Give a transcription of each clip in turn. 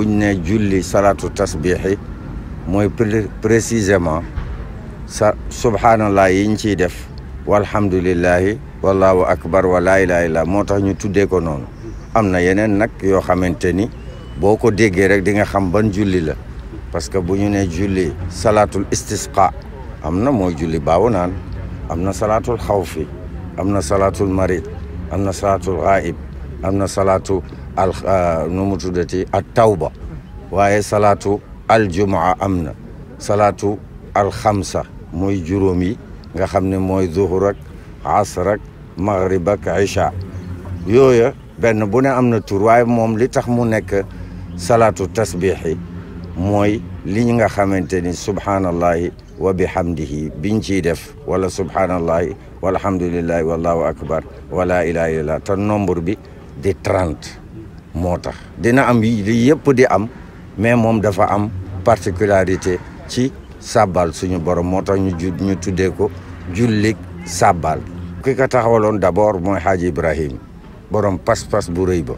بني جولي صلاة التصبيح موي بريسيزمان سبحان الله ينشي دف والحمد لله والله أكبر ولا إله إلا الله موتاخ ني تودي كو نون امنا يينن ناك يو خامتيني بوكو ديغي رك ديغا خام بان جولي لا باسكو بو ني ني جولي صلاة الاستسقاء امنا موي جولي باو نان امنا صلاة الخوف امنا صلاة المريض امنا صلاة الغائب امنا صلاة no mu tuddati at tawba waaye salaatu aljumaa am na salaatu nga xamne moy zuhur ak asr ak maghrib ak isha yooya ben bu ne amna tour tur mom li tax mu nek salatu tasbih moy li nga xamanteni subhanallahi wa bihamdihi biñ ci def wala subhanallahi walhamdulillahi wallahu akbar wala ilaha illa ta nombre bi di 30 moo tax dina am li yëpp di am mais moom dafa am particularité ci sàbbal suñu borom moo tax ñu ju ñu tuddee ko jullik sàbbal ki ko taxawaloon d'abord mooy Hadji Ibrahim borom pas-pas bu rëy ba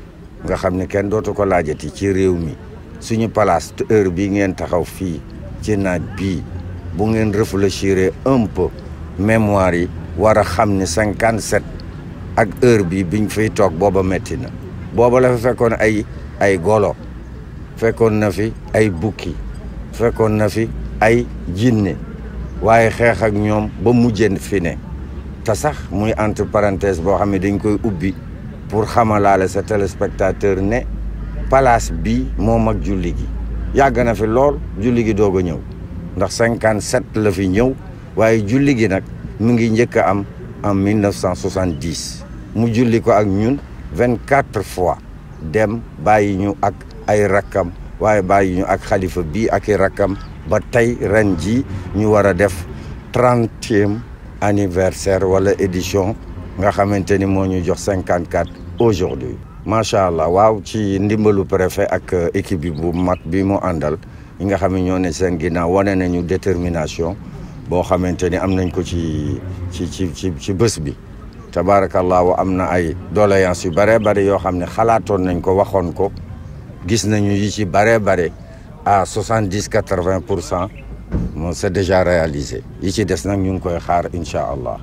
nga xam ne kenn dootu ko laajati ci réew mi suñu place heure bi ngeen taxaw fii ci naaj bi bu ngeen réfléchir un peu mémoire yi war a xam ne cinquante sept ak heure bi biñ fay toog booba metti na booba la fa fekkoon ay ay golo fekkoon na fi ay bukki fekkoon na fi ay jinne waaye xeex ak ñoom ba mujjeen fi ne te sax muy entre parenthèse boo xam ne dañ koy ubbi pour xamalaale sa téléspectateur ne palaas bi moom ak julli gi yàgg na fi lool julli gi doog a ñëw ndax cinquante sept la fi ñëw waaye julli gi nag mu ngi njëkk a am en 1970 mu julli ko ak ñun vingt-quatre fois dem bàyyi ñu ak ay rakkam waaye bàyyi ñu ak xalifa bii ak i rakkam ba tey ren ji ñu war a def trentième anniversaire wala édition nga xamante ni moo ñu jox cinquante quatre aujourd'hui macha allah waaw ci ndimbalu préfet ak euh, équipe bi bu mag bi mu àndal ñi nga xam ne ñoo ne seen ginnaaw wane nañu détermination boo xamante ni am nañ ko ci ci ci ci ci bés bi tabaarakallaahu am na ay doléance yu bëree bëri yoo xam ne xalaatoon nañ ko waxoon ko gis nañu yi ci bëree bëri à soixante dix quatre vingt pour cent moom c'est déjà réalisé yi ci des nag ñu ngi koy xaar incha allah